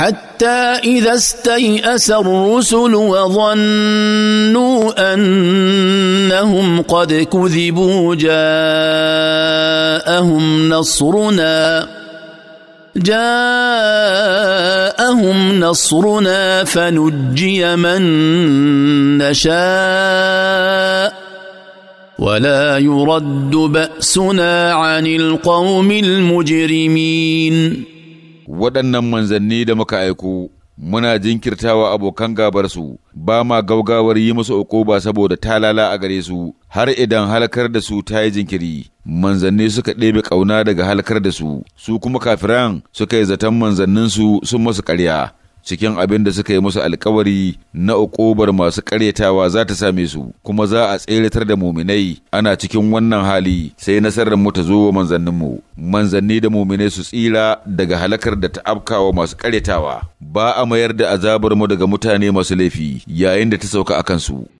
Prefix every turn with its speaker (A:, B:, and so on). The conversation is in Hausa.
A: حتى اذا استيأس الرسل وظنوا انهم قد كذبوا جاءهم نصرنا جاءهم نصرنا فنجي من نشاء ولا يرد بأسنا
B: عن القوم المجرمين
C: waɗannan manzanni da muka aiko muna jinkirtawa abokan gabarsu ba ma gaugawar yi musu ba saboda talala a gare su har idan halkar da su ta yi jinkiri manzanni suka ɗebe ƙauna daga halkar da su su kuma kafiran suka yi zaton manzanninsu sun masu ƙarya cikin abin da suka yi musu alkawari na uƙobar masu karyatawa za ta same su kuma za a tseratar da muminai ana cikin wannan hali sai nasarar mu ta zo wa manzanninmu manzanni da muminai su tsira daga halakar da ta afkawa masu ƙaryatawa ba a mayar da azabar mu daga mutane masu laifi yayin da ta sauka a kansu